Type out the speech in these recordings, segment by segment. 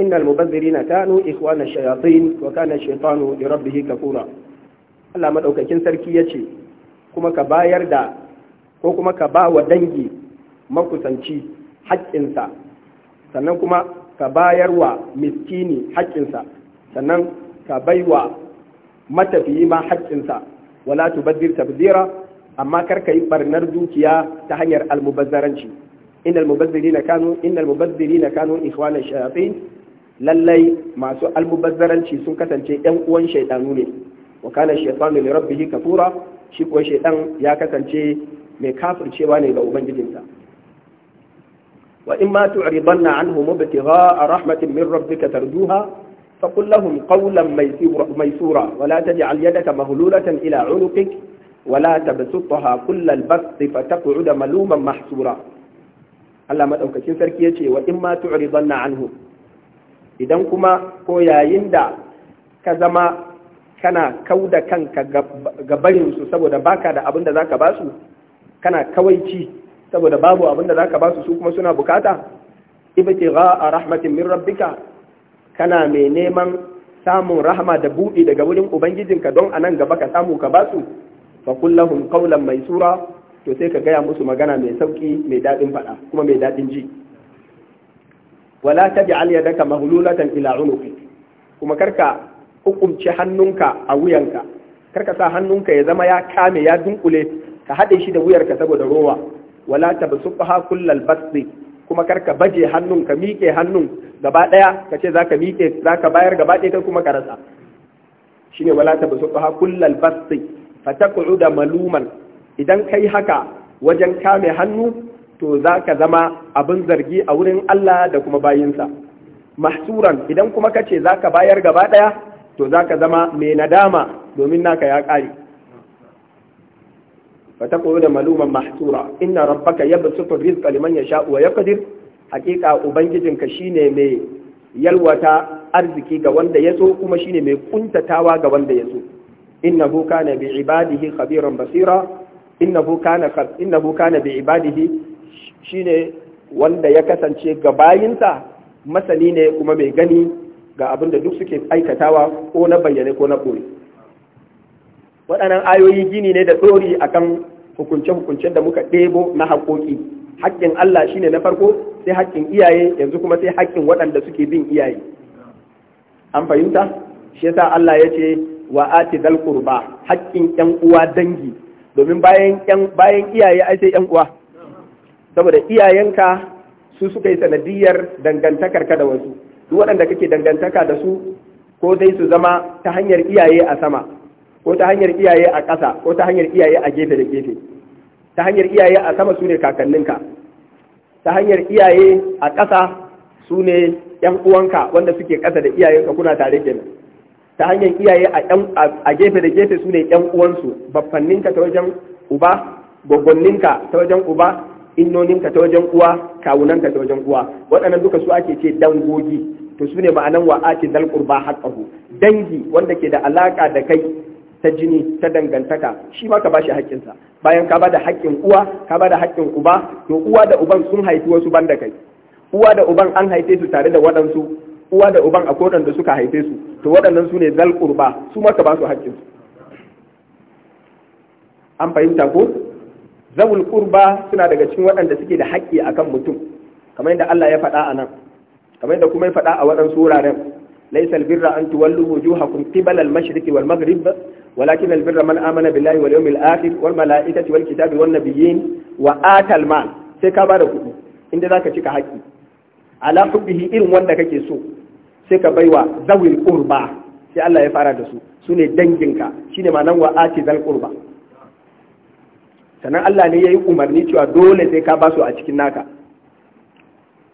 إن المبذرين كانوا إخوان الشياطين وكان الشيطان لربه كفورا Allah maɗaukakin sarki ya ce kuma ka ko kuma ka ba dangi makusanci haƙƙinsa sannan kuma ka bayar wa miskini haƙƙinsa sannan ka bai wa matafiyi ma haƙƙinsa wala tubazzir tabzira amma kar ka yi barnar dukiya ta hanyar almubazzaranci innal mubazzirina kanu innal mubazzirina lallai masu almubazzaranci sun kasance yan uwan shaidanu ne wa kana shaytanu li rabbih kafura shi kuwa shaidan ya kasance mai kafircewa ne ga ubangijinsa wa in ma tu'ridanna anhu a rahmatin min rabbika tarduha فقل لهم قولا wala ta تجعل يدك مغلولة إلى عنقك ولا تبسطها كل البسط فتقعد ملوما mahsura Allah maɗaukacin sarki ya ce wa in ma tu'ridanna anhu idan kuma ko yayin da ka zama kana kau da kanka gabarinsu saboda baka da abin da za ka basu kana kawaici saboda babu abin da za ka basu su kuma suna bukata ibtigha a rahmatin min rabbika kana mai neman samun rahama da buɗi daga wurin ubangijinka don a nan gaba ka samu ka basu fa kullahum qawlan maisura to sai ka gaya musu magana mai sauki mai daɗin faɗa kuma mai daɗin ji wala taj'al yadaka maghlulatan ila unuqik kuma karka hukumce hannunka a wuyanka karka sa hannunka ya zama ya kame ya dunkule ka haɗe shi da wuyarka saboda rowa wala tabsuqha kullal basti kuma karka baje hannun miƙe hannun gaba ɗaya ka ce zaka miƙe zaka bayar gaba ɗaya kuma ka rasa shine wala tabsuqha kullal basti fataku'uda maluman idan kai haka wajen kame hannu to za ka zama abin zargi a wurin Allah da kuma bayinsa mahsuran idan kuma ka ce za ka bayar gaba ɗaya to za ka zama mai nadama domin naka ya ƙare fata koyo da maluman mahsura inna rabbaka yabsutu rizqa liman uwa ya yaqdir ubangijin ubangijinka ne mai yalwata arziki ga wanda ya so kuma shi ne mai ƙuntatawa ga wanda ya so innahu kana bi ibadihi khabiran basira innahu kana kana bi ibadihi Shi ne wanda ya kasance ga bayinsa masani ne kuma mai gani ga abin da duk suke aikatawa ko na bayyane ko na ɓoye waɗannan ayoyi gini ne da tsori kan hukunce-hukuncen da muka ɗebo na haƙoƙi haƙƙin Allah shi ne na farko sai haƙƙin iyaye yanzu kuma sai haƙƙin waɗanda suke bin iyaye an fahimta shi yasa Allah ya ce wa ati dal haƙƙin ƴan uwa dangi domin bayan bayan iyaye ai sai ƴan uwa saboda iyayenka su suka yi sanadiyar dangantakarka da wasu duk waɗanda kake dangantaka da su ko dai su zama ta hanyar iyaye a sama ko ta hanyar iyaye a ƙasa ko ta hanyar iyaye a gefe da gefe ta hanyar iyaye a sama su ne kakanninka ta hanyar iyaye a ƙasa su ne ‘yan uwanka wanda suke ƙasa da iyayenka kuna tare kenan ta hanyar iyaye a gefe da gefe su ne ‘yan uwansu baffanninka ta wajen uba gwaggwanninka ta wajen uba innoninka ta wajen uwa kawunanka ta wajen uwa waɗannan duka su ake ce dangogi to su ne ma'anan wa ake dal qurba dangi wanda ke da alaƙa da kai ta jini ta dangantaka shi ma ka shi haƙƙinsa bayan ka ba da haƙƙin uwa ka ba da haƙƙin uba to uwa da uban sun haifi wasu ban da kai uwa da uban an haife su tare da waɗansu uwa da uban akwai da suka haife su to waɗannan su ne zal ba, su ma ka ba su haƙƙinsu an fahimta ko zawul qurba suna daga cikin waɗanda suke da haƙƙi akan mutum kamar yadda Allah ya faɗa a kamar yadda kuma ya faɗa a waɗansu wuraren laysa albirra an tuwallu wujuhakum qibala al-mashriqi wal maghrib walakin albirra man amana billahi wal yawmil akhir wal malaikati wal kitabi wan nabiyyin wa atal mal sai ka bada kuɗi inda zaka cika haƙƙi ala hubbihi irin wanda kake so sai ka baiwa zawil qurba sai Allah ya fara da su sune danginka shine manan wa ati zal qurba sannan Allah ne ya yi umarni cewa dole sai ka ba su a cikin naka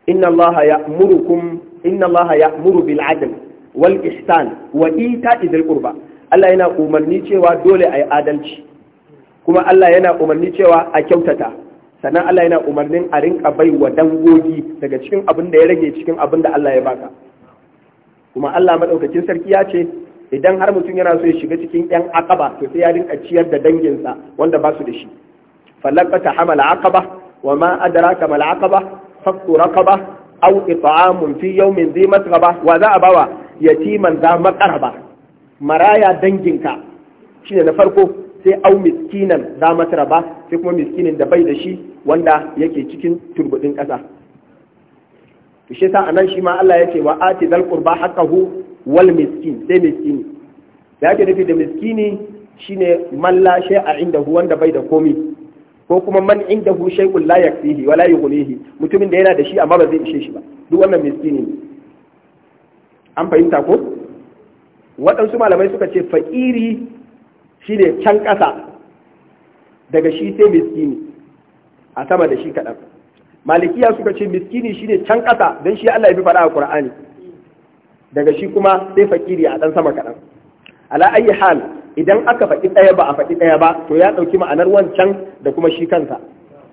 inna Allah ya'murukum inna Allah ya'muru bil adl wal ihsan wa ita'i dhil qurba Allah yana umarni cewa dole ayi adalci kuma Allah yana umarni cewa a kyautata sannan Allah yana umarnin a rinka bai wa dangogi daga cikin abin da ya rage cikin abin da Allah ya baka kuma Allah madaukakin sarki ya ce idan har mutum yana so ya shiga cikin yan akaba to sai ya rinka ciyar da danginsa wanda ba su da shi falaqata hamal aqaba wa ma adraka mal aqaba fakku raqaba aw it'amun fi yawmin dhi masghaba wa za abawa yatiman za maqaraba maraya danginka shine na farko sai au miskinan za masraba sai kuma miskinin da bai da shi wanda yake cikin turbudin ƙasa to a nan anan shi ma Allah yake wa ati zal qurba haqqahu wal miskin sai miskini da yake nufi da miskini shine man a shay'a indahu wanda bai da komi ko kuma man hu shay'un la yakfihi wala yughnihi mutumin da yana da shi amma ba zai ishe shi ba duk wannan miskini ne an fahimta ko waɗansu malamai suka ce fakiri shine can ƙasa daga shi sai miskini a sama da shi kaɗan malikiya suka ce miskini shine can ƙasa don shi Allah ya fi faɗa a Qur'ani daga shi kuma sai fakiri a ɗan sama kaɗan ala ayi hal idan aka faɗi ɗaya ba a faɗi ɗaya ba to ya ɗauki ma'anar wancan da kuma shi kansa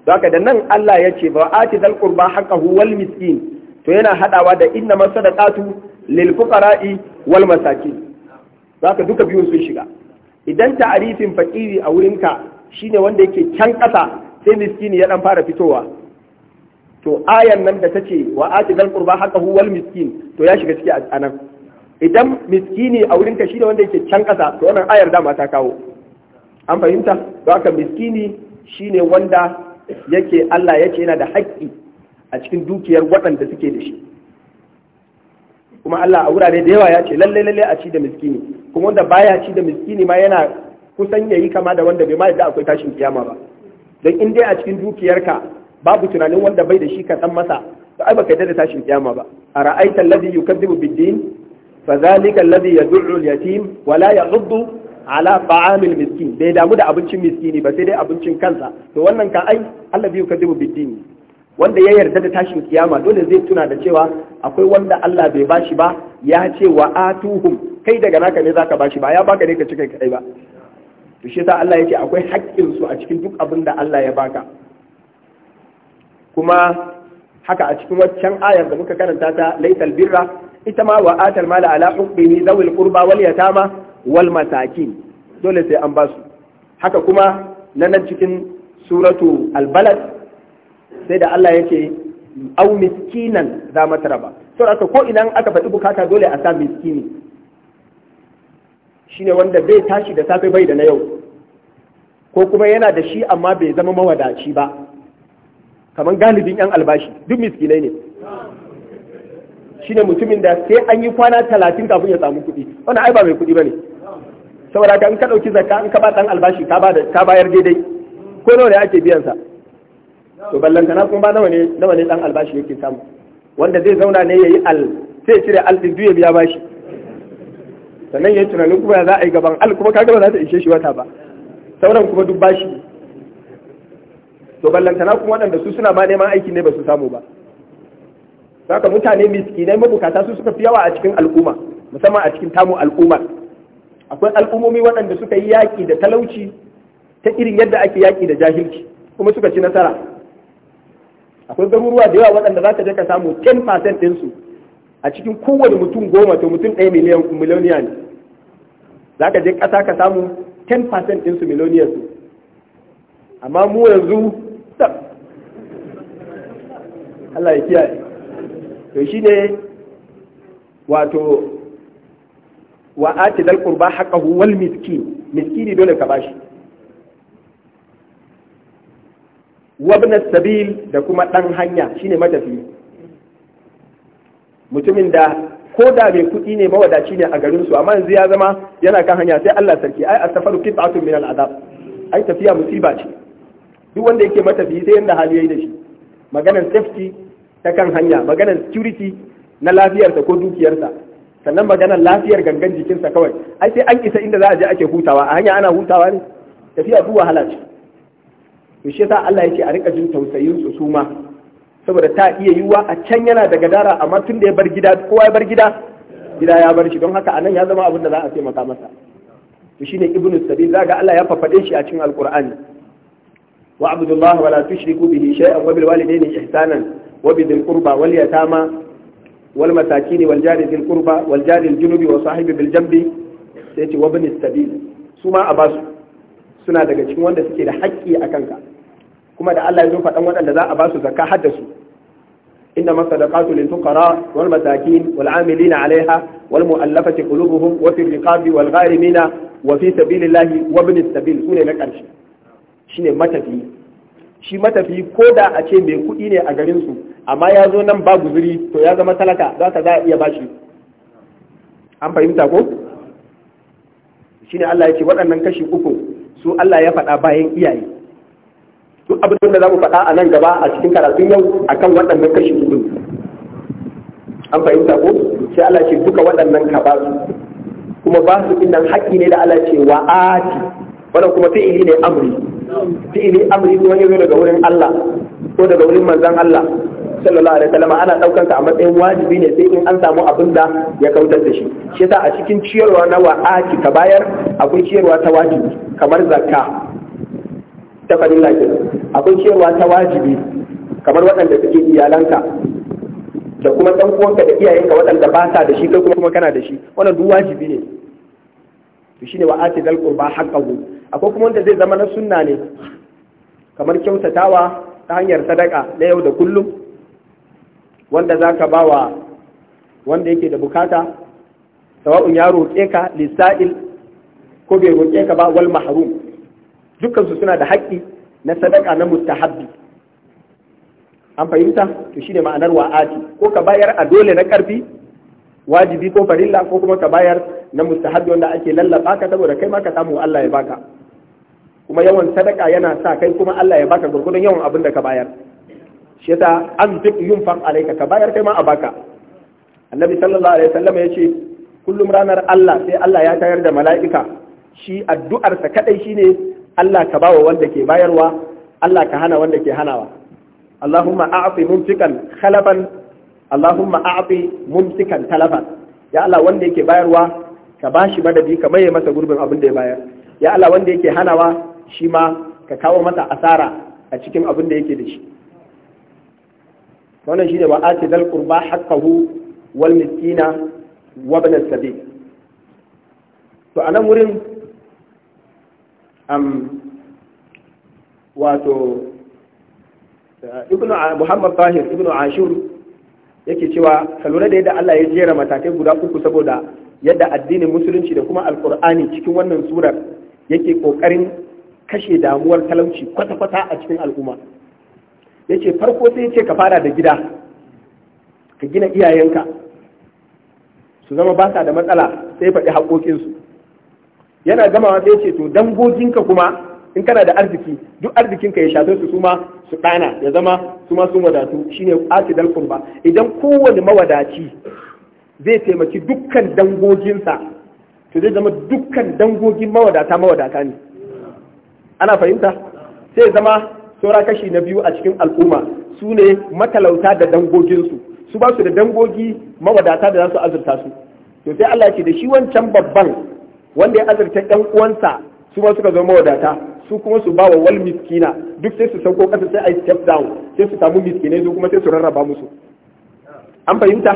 Za haka da nan Allah ya ce ba a ci zal qurba haqqahu wal miskin to yana hadawa da inna masadaqatu lil fuqara'i wal masakin Za haka duka biyun sun shiga idan ta'arifin fakiri a wurin ka shine wanda yake can ƙasa sai miskin ya dan fara fitowa to ayan nan da ta ce wa a ci zal qurba haqqahu wal miskin to ya shiga ciki a nan idan miskini a wurin ka shi da wanda yake can ƙasa to wannan ayar dama ta kawo an fahimta don haka miskini shine wanda yake Allah yake yana da haƙƙi a cikin dukiyar waɗanda suke da shi kuma Allah a wurare da yawa ya ce lalle lalle a ci da miskini kuma wanda baya ci da miskini ma yana kusan yayi kama da wanda bai ma yadda akwai tashin kiyama ba don in dai a cikin dukiyarka babu tunanin wanda bai da shi ka san masa to ai baka yadda da tashin kiyama ba a ra'aita alladhi yukadibu bid-din fazalika alladhi yad'u al-yatim wa la yaghuddu ala ta'amil miskin bai damu da abincin miskini ba sai dai abincin kansa to wannan kan ai Allah biyu kadibu biddini wanda ya yarda da tashin kiyama dole zai tuna da cewa akwai wanda Allah bai bashi ba ya ce wa atuhum kai daga naka ne zaka bashi ba ya baka ne ka cika kai ba to shi yasa Allah ya ce akwai haƙƙin su a cikin duk abin da Allah ya baka kuma haka a cikin waccan ayar da muka karanta ta laisal birra ita ma wa atal mala ala hubbihi zawil qurba wal yatama wal masakin dole sai an basu haka kuma na nan cikin suratu al-balad sai da Allah yake au miskinan za mataraba aka ko idan aka faɗi bukata dole a sa miskini shine wanda bai tashi da safe bai da na yau ko kuma yana da shi amma bai zama mawadaci ba kamar galibin yan albashi duk miskinai ne shine mutumin da sai an yi kwana talatin kafin ya samu kuɗi wannan ai ba mai kuɗi ba ne. saboda ka in ka ɗauki zakka in ka ba ɗan albashi ka bayar daidai ko nawa ne ake biyan sa to kana kuma ba nawa ne nawa ne ɗan albashi yake samu wanda zai zauna ne yayi al sai cire al din duya biya bashi sannan yayi tunanin kuma za a yi gaban al kuma kaga ba za ta ishe shi wata ba sauran kuma duk bashi to ballantana kuma waɗanda su suna ma neman aiki ne ba su samu ba saka mutane miskinai mabukata su suka fi yawa a cikin al'umma musamman a cikin tamu al'umma akwai al'ummomi waɗanda suka yi yaƙi da talauci ta irin yadda ake yaƙi da jahilci kuma suka ci nasara akwai garuruwa da yawa waɗanda za ka je ka samu 10% ɗinsu a cikin kowane mutum goma to mutum ɗaya miliyoniya ne za ka je ƙasa ka samu 10% ɗinsu miliyoniyar su amma mu yanzu Allah ya kiyaye to ne wato wa ati dal qurba huwal wal miskin miskini dole ka bashi wabna sabil da kuma ɗan hanya shine matafi mutumin da ko da mai kuɗi ne mawadaci ne a garinsu su amma yanzu ya zama yana kan hanya sai Allah sarki ai asafaru atun min al'adab ai tafiya musiba ce duk wanda yake matafi sai yanda hali yayi da shi maganar safety ta kan hanya maganar security na lafiyarsa ko dukiyarsa sannan maganar lafiyar gangan jikinsa kawai ai sai an isa inda za a je ake hutawa a hanya ana hutawa ne tafiya duk wahala ce to shi yasa Allah yake a rika jin tausayin su su ma saboda ta iya yiwuwa a can yana da gadara amma tun da ya bar gida kowa ya bar gida gida ya bar shi don haka anan ya zama abin da za a taimaka masa to shine ibnu sabil zaga Allah ya fafade shi a cikin alqur'ani wa abdullahi wala tushriku bihi shay'an wa bil walidayni ihsanan wa bi dhil qurba wal yatama wal masakin wal junubi wa sahibi bil jambi sai ce wa bin sabil a basu suna daga cikin wanda suke da hakki a kanka kuma da Allah ya zo faɗan waɗanda za a basu zakka har su إنما الصدقات للفقراء والمساكين والعاملين عليها والمؤلفة قلوبهم وفي الرقاب والغارمين وفي سبيل الله وابن السبيل سنة لك شنو متفي shi matafi ko da a ce mai kuɗi ne a garinsu amma ya zo nan ba guzuri to ya zama talaka za ka za a iya bashi an fahimta ko ne Allah ya ce waɗannan kashi uku su Allah ya faɗa bayan iyaye duk abin da za mu faɗa a nan gaba a cikin karatun yau akan waɗannan kashi uku an fahimta ko sai Allah ce duka waɗannan ka ba su kuma ba su ɗin haƙƙi ne da Allah ce wa ati wannan kuma fi'ili ne amri fi'ili amri ko wani daga wurin Allah ko daga wurin manzan Allah sallallahu alaihi wasallam ana daukar sa a matsayin wajibi ne sai in an samu abin da ya kautar da shi shi yasa a cikin ciyarwa na wa'aki ka bayar akwai ciyarwa ta wajibi kamar zakka ta fadila ke akwai ciyarwa ta wajibi kamar waɗanda suke iyalanka da kuma dan uwanka da iyayenka waɗanda ba sa da shi kai kuma kana da shi wannan duk wajibi ne to shine wa'ati dal qurba haqqahu akwai kuma wanda zai zama na sunna ne kamar kyautatawa ta hanyar sadaka na yau da kullum wanda za ka ba wa wanda yake da bukata sawa'un ya roƙe ka lissa'il ko bai roƙe ka ba wal maharum. dukkansu suna da haƙƙi na sadaka na mustahabbi an fahimta to shine ma'anar wa'ati ko ka bayar a dole na ƙarfi wajibi ko farilla ko kuma ka bayar na mustahabbi wanda ake lallaba ka saboda kai ma ka samu Allah ya baka kuma yawan sadaka yana sa kai kuma Allah ya baka gurgudun yawan abin da ka bayar shi yasa an duk yin fan alaika ka bayar kai ma a baka annabi sallallahu alaihi wasallam ya ce kullum ranar Allah sai Allah ya tayar da mala'ika shi addu'arsa kadai shine Allah ka bawa wanda ke bayarwa Allah ka hana wanda ke hanawa Allahumma a'ti mumsikan khalaban Allahumma a'ti mumsikan talaban ya Allah wanda yake bayarwa ka bashi madadi ka maye masa gurbin abin da ya bayar ya Allah wanda yake hanawa shi ma ka kawo mata asara a cikin abin da yake da shi wannan shine wa ati dal qurba haqqahu wal miskina wa ibn sabil to anan wurin am wato ibnu muhammad tahir ibnu ashur yake cewa ka lura da yadda Allah ya jera matakai guda uku saboda yadda addinin musulunci da kuma alkur'ani cikin wannan surar yake kokarin kashe damuwar talauci kwata-kwata a cikin al'umma ya ce farko sai ya ce ka fara da gida ka gina iyayenka su zama ba sa da matsala sai faɗi haƙoƙinsu yana gamawa sai ce to dangoginka kuma in kana da arziki duk arzikinka ya shafe su su su ɗana ya zama su ma sun wadatu shine asidal kurba idan kowane mawadaci zai taimaki dukkan dangoginsa to zai zama dukkan dangogin mawadata mawadata ne ana fahimta sai zama saura kashi na biyu a cikin al'umma su ne matalauta da dangoginsu su ba su da dangogi mawadata da za su azurta su to sai Allah ce da shi wancan babban wanda ya azurta ɗan uwansa su ma suka zama mawadata su kuma su bawa wal miskina duk sai su sauko kasa sai a step down sai su samu miskinai su kuma sai su rarraba musu an fahimta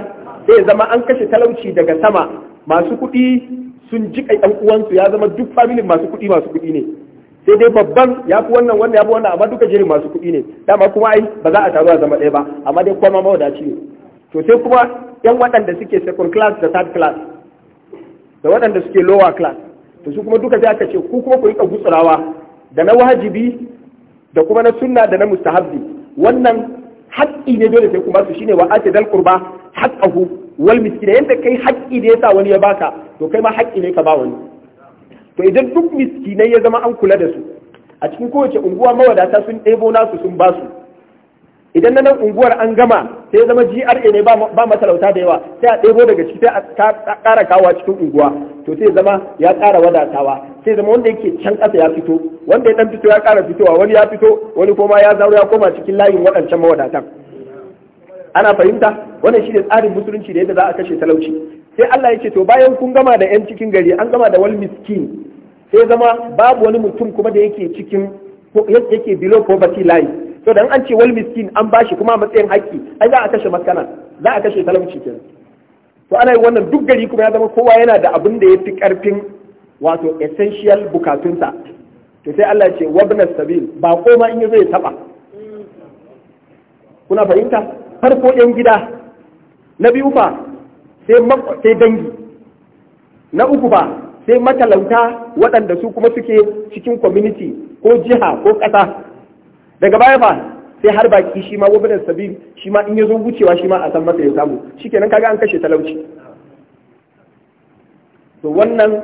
sai zama an kashe talauci daga sama masu kuɗi sun jiƙa ɗan uwansu ya zama duk familin masu kuɗi masu kuɗi ne sai dai babban ya fi wannan wannan ya fi wannan amma duka jirin masu kuɗi ne dama kuma ai ba za a taru a zama ɗaya ba amma dai kuma mawadaci ne to sai kuma yan waɗanda suke second class da third class da waɗanda suke lower class to su kuma duka sai aka ce ku kuma ku rika gutsurawa da na wajibi da kuma na sunna da na mustahabbi wannan haƙƙi ne dole sai kuma su shine wa dal qurba haqqahu wal miskin yanda kai haƙƙi da sa wani ya baka to kai ma haƙƙi ne ka ba wani to idan duk miskinai ya zama an kula da su a cikin kowace unguwa mawadata sun ɗebo nasu sun ba su idan na nan unguwar an gama sai ya zama GRA ne ba matalauta da yawa sai a ɗebo daga ciki sai a ƙara kawa cikin unguwa to sai zama ya ƙara wadatawa sai zama wanda yake can ƙasa ya fito wanda ya ɗan fito ya ƙara fitowa wani ya fito wani koma ya zaro ya koma cikin layin waɗancan mawadatan ana fahimta wannan shi ne tsarin musulunci da yadda za a kashe talauci sai Allah yake to bayan kun gama da yan cikin gari an gama da wal miskin sai zama babu wani mutum kuma da yake cikin yake below poverty line to dan an ce wal miskin an bashi kuma matsayin haƙƙi ai za a kashe maskana za a kashe talauci kenan to ana yi wannan duk gari kuma ya zama kowa yana da abin da ya fi karfin wato essential bukatunsa to sai Allah ce wabna sabil ba koma in yazo ya taba kuna fahimta farko yan gida na biyu fa sai dangi na uku ba sai matalauta waɗanda su kuma suke cikin community ko jiha ko ƙasa daga baya ba sai har baki shi ma wabin sabi shi ma in ya zo wucewa shi ma a san masa ya samu shi kenan kaga an kashe talauci to wannan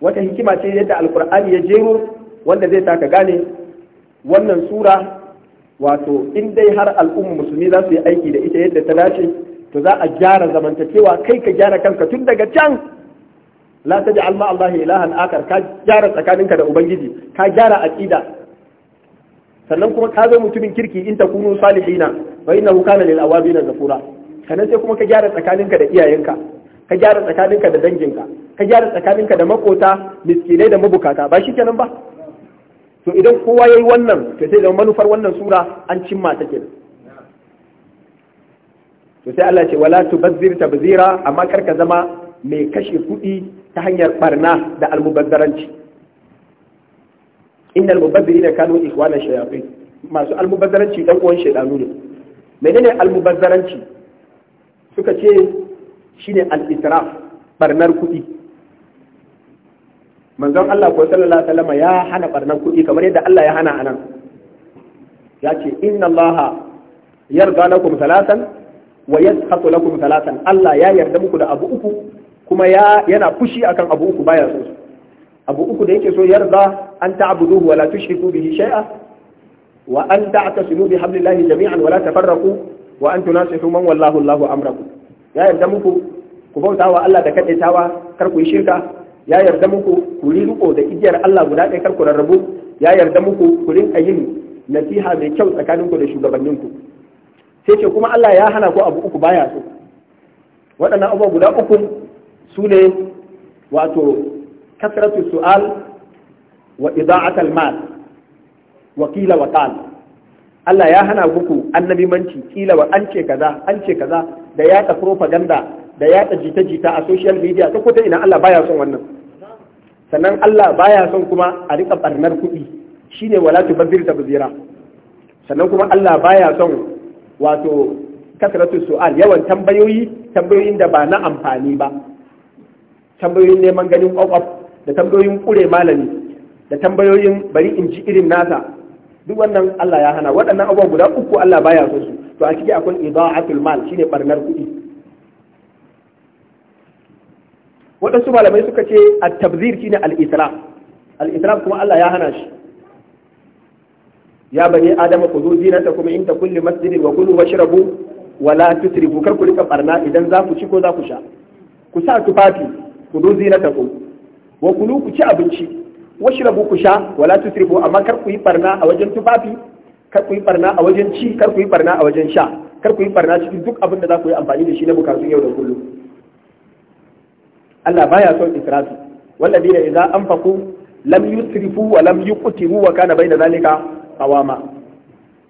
wata hikima ce yadda alkur'ani ya jero wanda zai taka gane wannan sura wato in dai har al'umma musulmi za su yi aiki da ita yadda ta dace to za a gyara zamantakewa kai ka gyara kanka tun daga can la ta ja'al ma Allah ilahan akar ka gyara tsakaninka da ubangiji ka gyara aqida sannan kuma ka zo mutumin kirki in ta kunu salihina fa innahu kana lil awabina ghafura sannan sai kuma ka gyara tsakaninka da iyayenka ka gyara tsakaninka da danginka ka gyara tsakaninka da makota miskinai da mabukata ba shikenan ba to idan kowa yayi wannan to sai da manufar wannan sura an cimma ta kenan to sai Allah ce wala tubazzir tabzira amma karka zama mai kashe kudi ta hanyar barna da almubazzaranci innal mubazzirina kanu ikhwana shayatin masu almubazzaranci dan uwan shaydanu ne menene almubazzaranci suka ce shine al-israf barnar kuɗi manzon Allah ko sallallahu alaihi wasallam ya hana barnar kudi kamar yadda Allah ya hana anan ya ce inna Allah yarda lakum salatan wa yasqatu lakum thalathan Allah ya yarda muku da abu uku kuma ya yana fushi akan abu uku baya so abu uku da yake so yarda an ta'buduhu wa la tushriku bihi shay'a wa an ta'tasimu bi hablillahi jami'an wa la tafarraqu wa an tunasihu man wallahu Allahu amrakum ya yarda muku ku bauta wa Allah da tawa, kar ku yi shirka ya yarda muku ku riko da igiyar Allah guda ɗaya kar ku rarrabu ya yarda muku ku rinka yin nasiha mai kyau tsakaninku da shugabanninku sai ce kuma Allah ya hana ko abu uku baya so waɗannan abubuwa guda uku su ne wato kasratu su'al wa ida'atul mal wa qila wa qal Allah ya hana ku annabi manci kila wa an ce kaza an ce kaza da yaɗa propaganda da yaɗa jita-jita a social media ta kuta ina Allah baya son wannan sannan Allah baya son kuma a riƙa ɓarnar kuɗi shine wala da tabzira sannan kuma Allah baya son wato kasratu su'al yawan tambayoyi tambayoyin da ba na amfani ba tambayoyin neman ganin kwakwaf da tambayoyin kure malami da tambayoyin bari in ji irin nasa duk wannan Allah ya hana waɗannan abubuwa guda uku Allah baya so su to a ciki akwai idaatul mal shine barnar kuɗi waɗansu malamai suka ce at-tabzir shine al-israf al-israf kuma Allah ya hana shi ya bani adama ku zo ta kuma in ta kulli masjidin wa kulu washrabu wala tusrifu kar ku rika barna idan za ku ci ko za ku sha ku sa tufafi ku zo ta ku wa kulu ku ci abinci washrabu ku sha wala tusrifu amma kar ku yi barna a wajen tufafi kar ku yi barna a wajen ci kar ku yi barna a wajen sha kar ku yi barna cikin duk abin da za ku yi amfani da shi na bukatun yau da kullum Allah baya son israfi والذين إذا أنفقوا لم يسرفوا ولم يقتروا وكان بين zalika? awama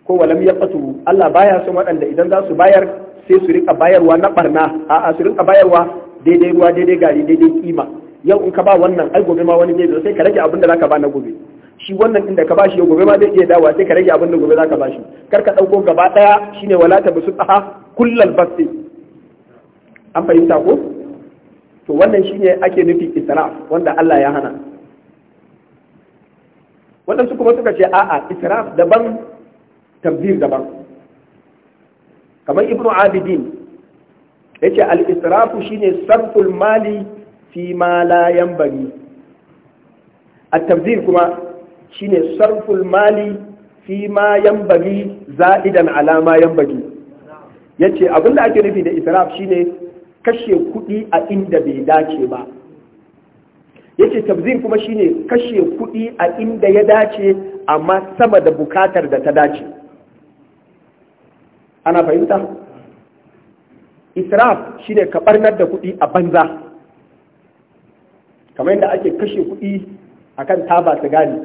ko walam fatu Allah baya son waɗanda idan za su bayar sai su rika bayarwa na barna a'a su rika bayarwa daidai ruwa daidai gari daidai kima yau in ka ba wannan ai gobe ma wani zai zo sai ka rage abin da zaka ba na gobe shi wannan inda ka ba shi gobe ma zai iya dawa sai ka rage abin da gobe zaka shi kar ka dauko gaba daya shine wala ta busu aha kullal basti an fahimta ko to wannan shine ake nufi israf wanda Allah ya hana waɗansu kuma suka ce a'a israf daban tabzir daban kamar ibnu abidin yace al-israfu shine sarful mali fi ma la bari, a tabzir kuma shine sarful mali fi ma bari, za'idan ala ma yanbaghi yace abinda ake nufi da israf shine kashe kuɗi a inda bai dace ba yake tabzin kuma shine kashe kuɗi a inda ya dace amma sama da bukatar da ta dace ana fahimta israf shine ka barnar da kuɗi a banza kamar yadda ake kashe kuɗi akan taba gani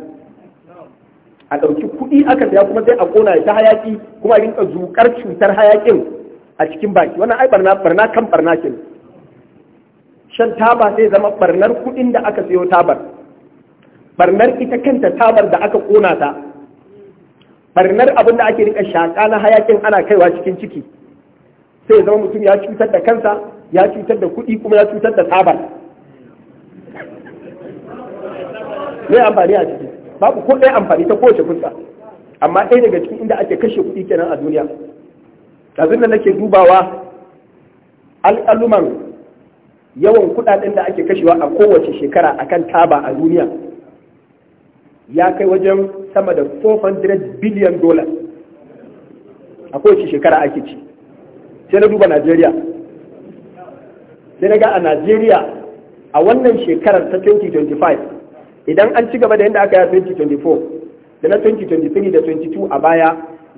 a ɗauki kuɗi aka saya kuma sai a ƙona ta hayaki, kuma a rinka zuƙar cutar hayaƙin a cikin baki wannan ai barna barna kan barna kenan shan taba sai zama barnar kuɗin da aka siyo tabar barnar ita kanta tabar da aka kona ta barnar abin da ake rika shaka na hayakin ana kaiwa cikin ciki sai zama mutum ya cutar da kansa ya cutar da kuɗi kuma ya cutar da tabar mai amfani a ciki babu ko ɗaya amfani ta kowace fuska amma ɗaya daga cikin inda ake kashe kuɗi kenan a duniya yanzu da nake dubawa al'aluman yawan kudaden da ake kashewa a kowace shekara akan taba a duniya ya kai wajen sama da 400 billion dollars a kowace shekara ake ci sai na duba najeriya sai na ga a najeriya a wannan shekarar ta 2025 idan an ci gaba da yadda aka yi 2024 da na 2023 da 22 a baya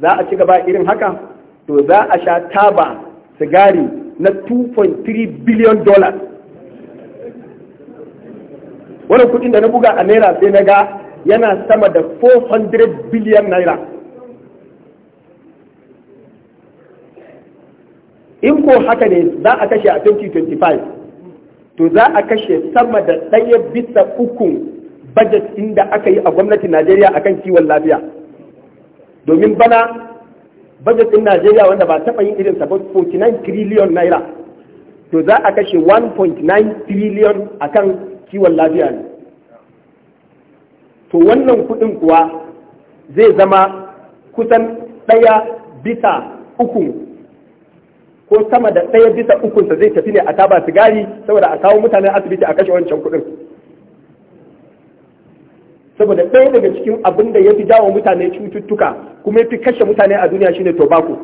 za a ci gaba irin haka to za a sha taba sigari na 2.3 billion dollars wani kudin da na buga a naira sai na ga yana sama da 400 billion naira in ko haka ne za a kashe a 2025 to za a kashe sama da ɗaya bisa ukun budget inda aka yi a gwamnatin najeriya akan kiwon lafiya domin bana budget din Najeriya wanda ba taɓa yin irin ba 49 trillion naira to za a kashe 1.9 trillion a kan kiwon lafiya ne to wannan kuɗin kuwa zai zama kusan ɗaya bisa uku ko sama da ɗaya bisa ukunsa zai tafi ne a taba sigari saboda a kawo mutanen asibiti a kashe wancan kuɗin saboda ɗaya daga cikin abin da ya fi jawo mutane cututtuka kuma ya fi kashe mutane a duniya shine tobacco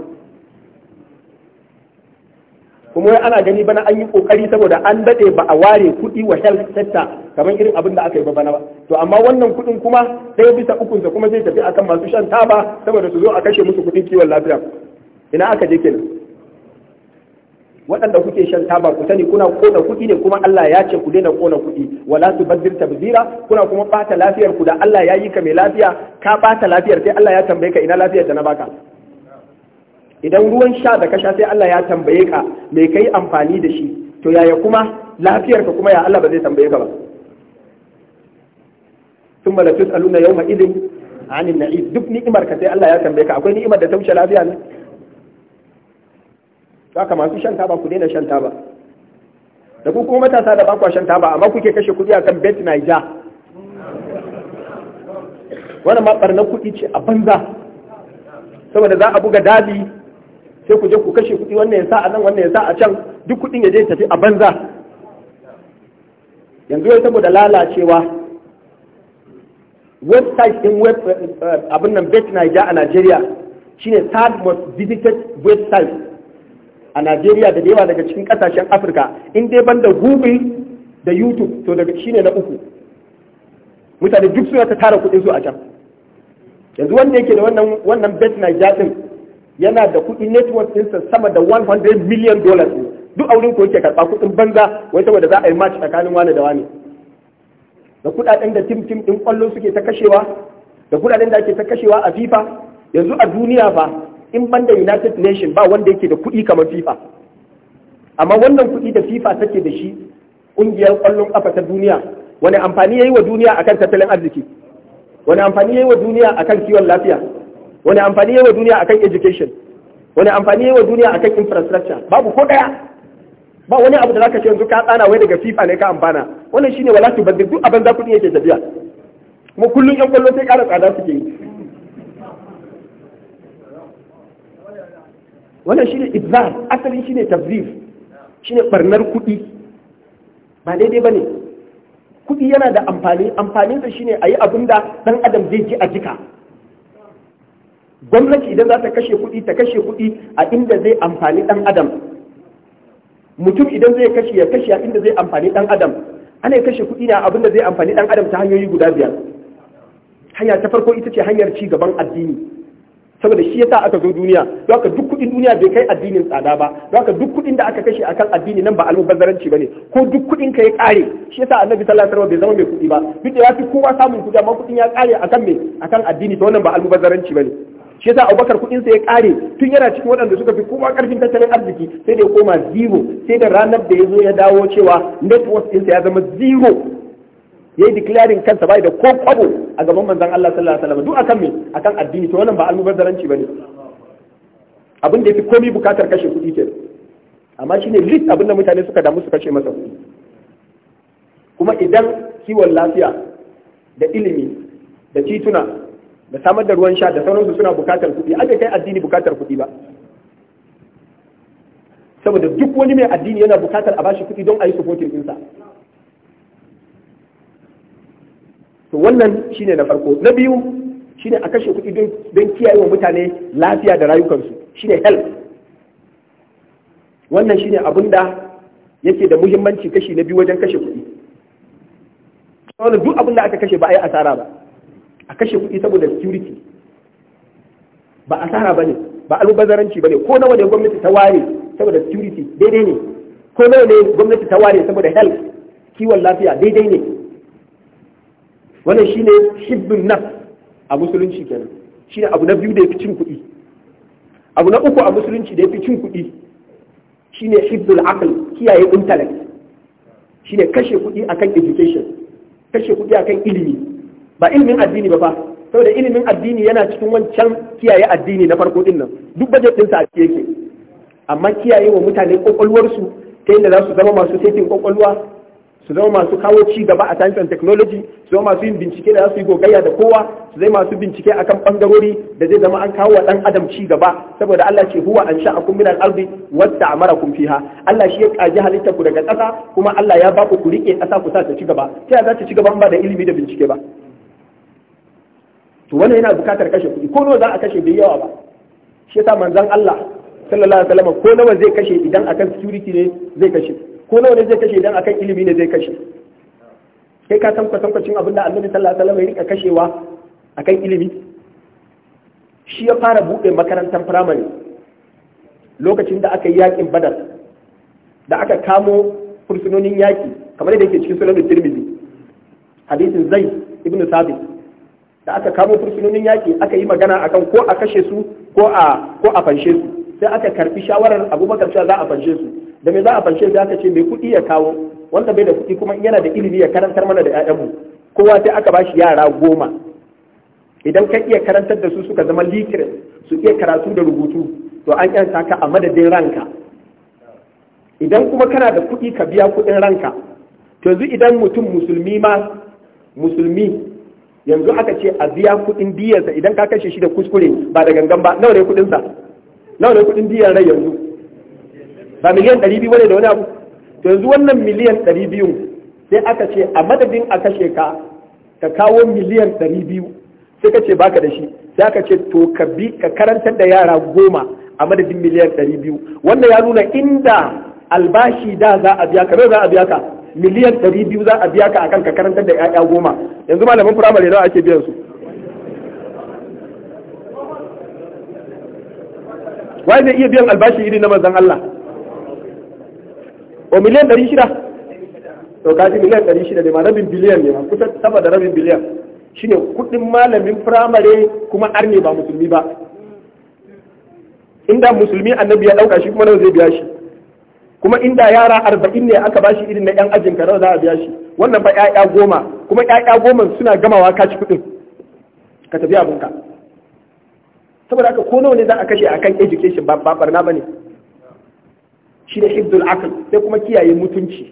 kuma wai ana gani bana an yi kokari saboda an daɗe ba a ware kuɗi wa health sector kamar irin abin da aka yi ba bana ba to amma wannan kuɗin kuma ɗaya bisa ukun sa kuma zai tafi akan masu shan taba saboda su zo a kashe musu kuɗin kiwon lafiya ina aka je kenan waɗanda kuke shan taba ku sani kuna kona kuɗi ne kuma Allah ya ce ku daina kona kuɗi wala su tubazzir tabzira kuna kuma bata lafiyar ku da Allah ya yi ka mai lafiya ka bata lafiyar sai Allah ya tambaye ka ina lafiyar da na baka idan ruwan sha da ka sha sai Allah ya tambaye ka me kai amfani da shi to yaya kuma lafiyar ka kuma ya Allah ba zai tambaye ka ba thumma la tus'aluna yawma idin anin na'im duk ni'imar ka sai Allah ya tambaye ka akwai ni'imar da ta wuce lafiya ne haka masu shan taba ku daina shan taba da ku kuma matasa da ba ku shan taba amma kuke kashe kuɗi akan bet naija wannan ma barnar kuɗi ce a banza saboda za a buga dali sai ku je ku kashe kuɗi wannan ya sa a nan wannan ya sa a can duk kuɗin ya je tafi a banza yanzu ya saboda lalacewa website din web eh, eh, abin nan bet naija a Nigeria shine third most visited website a Najeriya da yawa daga cikin kasashen Afirka in dai da Google da YouTube to daga shine na uku mutane duk suna ta tara kuɗin su a can yanzu wanda yake da wannan wannan bet na yana da kuɗi network ɗinsa sama da 100 million dollars duk aurin ko yake karɓa kuɗin banza wai saboda za a yi match tsakanin wani da wani da kuɗaɗen da tim tim ɗin kwallo suke ta kashewa da kuɗaɗen da ake ta kashewa a FIFA yanzu a duniya fa in banda United nations ba wanda yake da kuɗi kamar FIFA amma wannan kuɗi da FIFA take da shi ƙungiyar ƙwallon ƙafa ta duniya wani amfani ya yi wa duniya akan tattalin arziki wani amfani ya yi wa duniya akan kiwon lafiya wani amfani ya yi wa duniya akan education wani amfani ya yi wa duniya akan infrastructure babu ko ɗaya ba wani abu da za ka ce yanzu ka tsana wai daga FIFA ne ka amfana wannan shine wala tu duk abin za ku yake tafiya kuma kullum ƴan ƙwallon sai ƙara tsada suke yi wannan shine ibzar asali shine tabzir shine barnar kuɗi ba daidai bane kuɗi yana da amfani amfaninsa shine a yi abin da ɗan adam zai ji a jika gwamnati idan za ta kashe kuɗi ta kashe kuɗi a inda zai amfani ɗan adam mutum idan zai kashe ya kashe a inda zai amfani ɗan adam ana kashe kuɗi na abin da zai amfani ɗan adam ta hanyoyi guda biyar hanya ta farko ita ce hanyar ci gaban addini saboda shi yasa aka zo duniya don haka duk kuɗin duniya bai kai addinin tsada ba don haka duk kuɗin da aka kashe akan addini nan ba almubazzaranci bane ko duk kuɗin ka ya kare shi yasa annabi sallallahu alaihi wasallam bai zama mai kuɗi ba duk da ya fi kowa samun kuɗi amma kuɗin ya kare akan me akan addini to wannan ba almubazzaranci bane shi yasa Abubakar kuɗin sa ya kare tun yana cikin waɗanda suka fi kowa karfin tattalin arziki sai da ya koma zero sai da ranar da ya zo ya dawo cewa net worth ɗinsa ya zama zero yayi declaring kansa bai da ko kwabo a gaban manzon Allah sallallahu alaihi wasallam duk akan me akan addini to wannan ba almubazzaranci bane abin da yake komai bukatar kashe kuɗi ke amma shine list abin da mutane suka damu su kashe masa kuɗi kuma idan kiwon lafiya da ilimi da tituna da samar da ruwan sha da sauransu suna bukatar kuɗi aka kai addini bukatar kuɗi ba saboda duk wani mai addini yana bukatar a bashi kuɗi don a yi supporting ɗinsa. to wannan shine na farko na biyu shine a kashe kuɗi don kiyaye wa mutane lafiya da rayukansu shine health wannan shine abin da yake da muhimmanci kashi na biyu wajen kashe kuɗi wani duk abin da aka kashe ba a yi asara ba a kashe kuɗi saboda security ba asara ba ne ba albazaranci ba ne ko nawa ne gwamnati ta ware saboda security daidai ne ko nawa ne gwamnati ta ware saboda health kiwon lafiya daidai ne wannan shine hibbin naf a musulunci kenan shine abu na biyu da yafi cin kuɗi abu na uku a musulunci da yafi cin kuɗi shine hibbul aql kiyaye intellect shine kashe kuɗi akan education kashe kuɗi akan ilimi ba ilimin addini ba fa saboda ilimin addini yana cikin wancan kiyaye addini na farko din nan duk budget ɗinsa ake yake amma kiyaye wa mutane su ta yadda za su zama masu saitin kokolwa su zama masu kawo ci gaba a science and technology su zama masu yin bincike da za su yi gogayya da kowa su zai masu bincike akan bangarori da zai zama an kawo wa dan adam ci gaba saboda Allah ce huwa an Albi. Wadda a ardi kumfi fiha Allah shi ya kaji halitta ku daga ƙasa kuma Allah ya baku ku ku rike ƙasa ku sa ta ci gaba ta yaya za ta ci gaba ba da ilimi da bincike ba to wannan yana bukatar kashe kuɗi ko nawa za a kashe bai yawa ba shi yasa manzon Allah sallallahu alaihi wasallam ko nawa zai kashe idan akan security ne zai kashe ko nawa ne zai kashe idan akan ilimi ne zai kashe kai ka san kwatankwacin abin da annabi sallallahu alaihi wasallam ya rika kashewa akan ilimi shi ya fara buɗe makarantar firamare lokacin da aka yi yakin badar da aka kamo fursunonin yaki kamar da yake cikin sunan tirmidhi hadisin zai ibn sabit da aka kamo fursunonin yaki aka yi magana akan ko a kashe su ko a ko a fanshe su sai aka karbi shawarar abubakar cewa za a fanshe su da me za a fanshe da aka ce mai kuɗi ya kawo wanda bai da kuɗi kuma yana da ilimi ya karantar mana da ƴaƴanmu kowa sai aka bashi yara goma idan ka iya karantar da su suka zama literate su iya karatu da rubutu to an 'yan ka a madadin ranka idan kuma kana da kuɗi ka biya kuɗin ranka to yanzu idan mutum musulmi ma musulmi yanzu aka ce a biya kuɗin diyarsa idan ka kashe shi da kuskure ba da gangan ba nawa ne kuɗinsa nawa ne kuɗin diyar rai yanzu ba miliyan ɗari biyu bane da wani abu to yanzu wannan miliyan ɗari biyu sai aka ce a madadin a kashe ka ka kawo miliyan ɗari biyu sai ka ce baka da shi sai aka ce to ka bi ka karantar da yara goma a madadin miliyan ɗari biyu wannan ya nuna inda albashi da za a biya ka za a biya ka miliyan ɗari biyu za a biya ka akan ka karantar da 'ya'ya goma yanzu malamin firamare nawa ake biyan su wai zai iya biyan albashi iri na mazan Allah o miliyan ɗari shida to kaji miliyan ɗari shida ne ma rabin biliyan ne ma kusa sama da rabin biliyan shine kuɗin malamin firamare kuma arne ba musulmi ba inda musulmi annabi ya ɗauka shi kuma nawa zai biya shi kuma inda yara arba'in ne aka bashi irin na yan ajin nawa za a biya shi wannan ba ƴaƴa goma kuma ƴaƴa goma suna gamawa ka ci kuɗin ka tafi abinka saboda haka ko nawa ne za a kashe akan education ba barna ba ne. shi da hibdul akal sai kuma kiyaye mutunci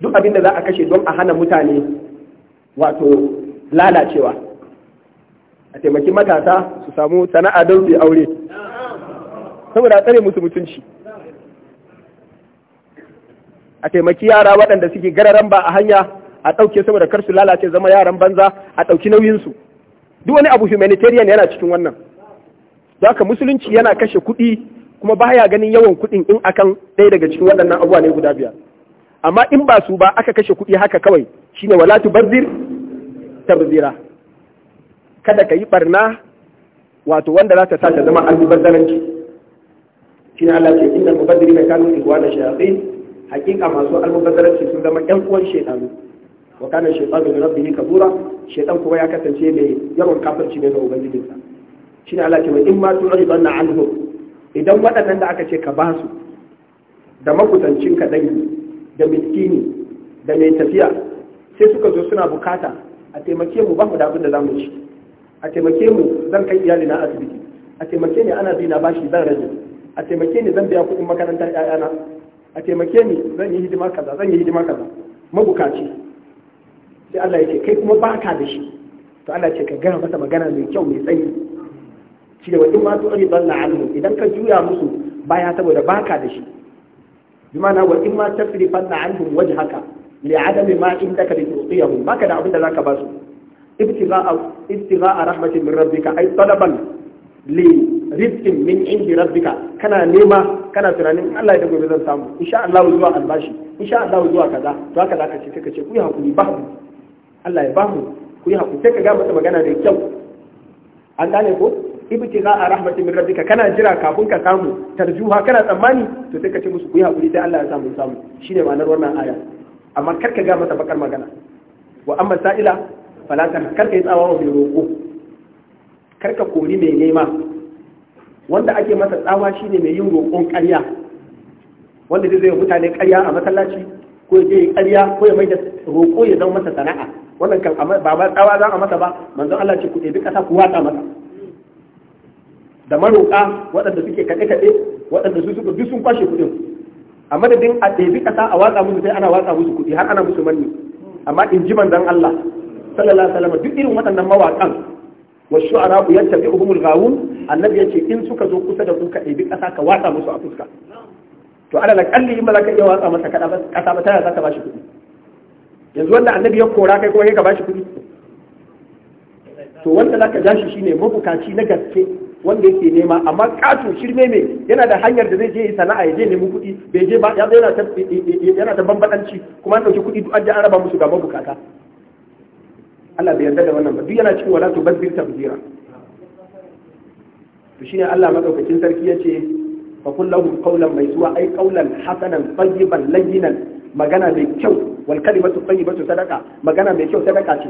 duk abin da za a kashe don a hana mutane wato lalacewa a taimaki matasa su samu sana'a don su aure saboda tsare musu mutunci a taimaki yara waɗanda suke gararan ba a hanya a ɗauke saboda kar su lalace zama yaran banza a ɗauki nauyinsu duk wani abu humanitarian yana cikin wannan haka musulunci yana kashe kuɗi kuma baya ganin yawan kuɗin in akan ɗaya daga cikin waɗannan abubuwa ne guda biyar amma in ba su ba aka kashe kuɗi haka kawai shine wala Ta tabzira kada ka yi barna wato wanda za ta sa ta zama almubazzaranci shine Allah ce innal mubazzirina kanu ikhwana shayatin hakika masu almubazzaranci sun zama ƴan uwan shaytanu wa kana shaytanu li rabbihi kabura shaytan kuma ya kasance mai yawan kafirci ne ga ubangijinsa shine Allah ce mai in ma tu'ridanna anhum idan waɗannan da aka ce ka ba su da makusancin ka da miskini da mai tafiya sai suka zo suna bukata a taimake mu ba mu da abin da za mu ci a taimake mu zan kai iyali na asibiti a taimake ni ana bi na bashi zan rage a taimake ni zan biya kuɗin makarantar ƴaƴana a taimake ni zan yi hidima kaza zan yi hidima kaza mabukaci sai Allah ya ce kai kuma baka da shi to Allah ya ce ka gaya masa magana mai kyau mai tsayi shi da wajen ma tsori balla anhu idan ka juya musu baya saboda baka da shi bimana wa in ma tasrifanna anhum haka li adami ma in indaka li tuqiyahum baka da abinda zaka basu ibtigha'a ibtigha'a rahmatin min rabbika ay talaban li rizqin min indi rabbika kana nema kana tunanin Allah ya gobe zan samu insha Allah zuwa albashi insha Allah zuwa kaza to haka zaka ce kake ce ku ya hakuri ba Allah ya ba mu ku yi hakuri sai ka ga masa magana da kyau an gane ko ibtiga a rahmatin min rabbika kana jira kafin ka samu tarjuha kana tsammani to sai ka ce musu ku yi hakuri sai Allah ya samu samu shine ma'anar wannan aya amma kar ka ga masa bakar magana wa amma sa'ila fala ta kar ka yi tsawa wa roko kar ka kori mai nema wanda ake masa tsawa shine mai yin roƙon ƙarya wanda zai zai mutane ƙarya a masallaci ko ya je ƙarya ko ya mai da roƙo ya zama masa sana'a wannan kan ba ba tsawa za a masa ba manzon Allah ce ku ɗebi ƙasa ku watsa masa da maroƙa waɗanda suke kaɗe-kaɗe waɗanda su suka duk sun kwashe kuɗin a madadin a ɗebi ƙasa a watsa musu sai ana watsa musu kuɗi har ana musu manni amma in ji manzon Allah sallallahu alaihi wasallam duk irin waɗannan mawaƙan wa shu'ara ku yattabi humul gawun annabi yace in suka zo kusa da ku ka ɗebi ƙasa ka watsa musu a fuska to ala la kalli in ba za ka iya watsa masa kada ƙasa ba ta yaya za ka bashi kuɗi yanzu wanda annabi ya kora kai kuma kai ka bashi kuɗi to wanda za ka ja shi shine mabukaci na gaske wanda yake nema amma kato shirme ne yana da hanyar da zai je sana'a ya je nemi kuɗi bai je ba ya yana ta yana ta bambadanci kuma an dauki kuɗi duk an ji araba musu ga mabukata Allah bai yarda da wannan ba duk yana cikin wala to bazbir tabzira to shine Allah madaukakin sarki yace fa kullahu qawlan maisuwa ai qawlan hasanan tayyiban layyinan magana mai kyau wal kalimatu tayyibatu sadaqa magana mai kyau sadaka ce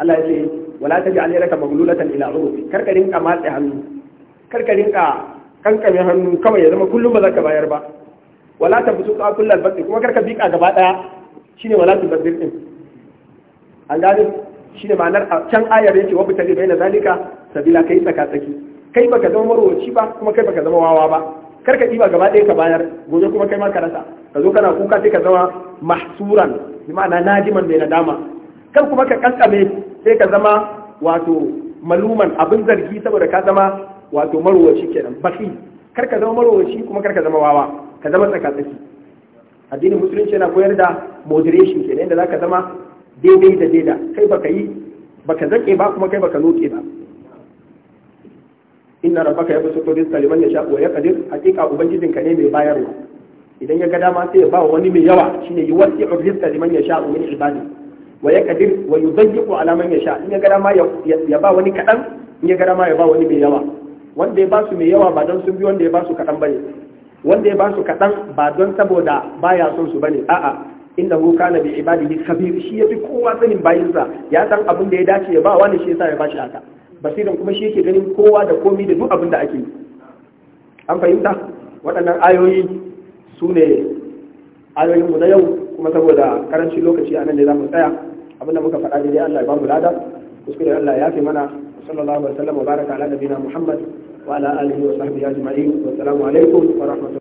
Allah ya ce wala ta taj'al yadaka maglulatan ila kar karka rinka matse hannu karka rinka kankame hannu kawai ya zama kullum ba za ka bayar ba wala ta busu ka kullal basi kuma karka bika gaba daya shine wala ta basir din an gane shine ma'anar can ayar yace wa bitali baina zalika sabila kai tsaka tsaki kai baka zama marwaci ba kuma kai baka zama wawa ba kar ka ɗiba gaba daya ka bayar gobe kuma kai ma ka rasa ka zo kana kuka sai ka zama mahsuran bi ma'ana najiman mai nadama kan kuma ka kankame sai ka zama wato maluman abin zargi saboda ka zama wato marowaci kenan baki kar ka zama marowaci kuma kar ka zama wawa ka zama tsakatsaki addinin musulunci yana koyar da moderation kenan yadda zaka zama daidai da daida kai baka yi baka zake ba kuma kai baka loke ba inna rabbaka yabsutu rizqa liman yasha'u wa yaqdir hakika ubangijinka ne mai bayarwa idan ya ga dama sai ya ba wani mai yawa shine yuwasi'u rizqa liman yasha'u min ibadi wa kadir wa yudayyiqu ala man in ya ga dama ya ba wani kadan in ya ga dama ya ba wani mai yawa wanda ya ba su mai yawa ba don sun bi wanda ya ba su kadan ne. wanda ya ba su kadan ba don saboda ba ya son su ba ne. a'a inda na bai ibadi ibadihi khabir shi ya fi kowa sanin bayinsa ya san abin da ya dace ya ba wani shi yasa ya ba shi haka basirin kuma shi yake ganin kowa da komi da duk abin da ake yi an fahimta waɗannan ayoyi su ne ayoyinmu na yau kuma saboda karanci lokaci a nan ne za mu tsaya abinda muka faɗa dai Allah ya ba mu lada kuskure Allah ya fi mana sallallahu alaihi wa sallam wa baraka ala nabiyina Muhammad wa ala alihi wa sahbihi ajma'in wa assalamu alaikum wa rahmatullahi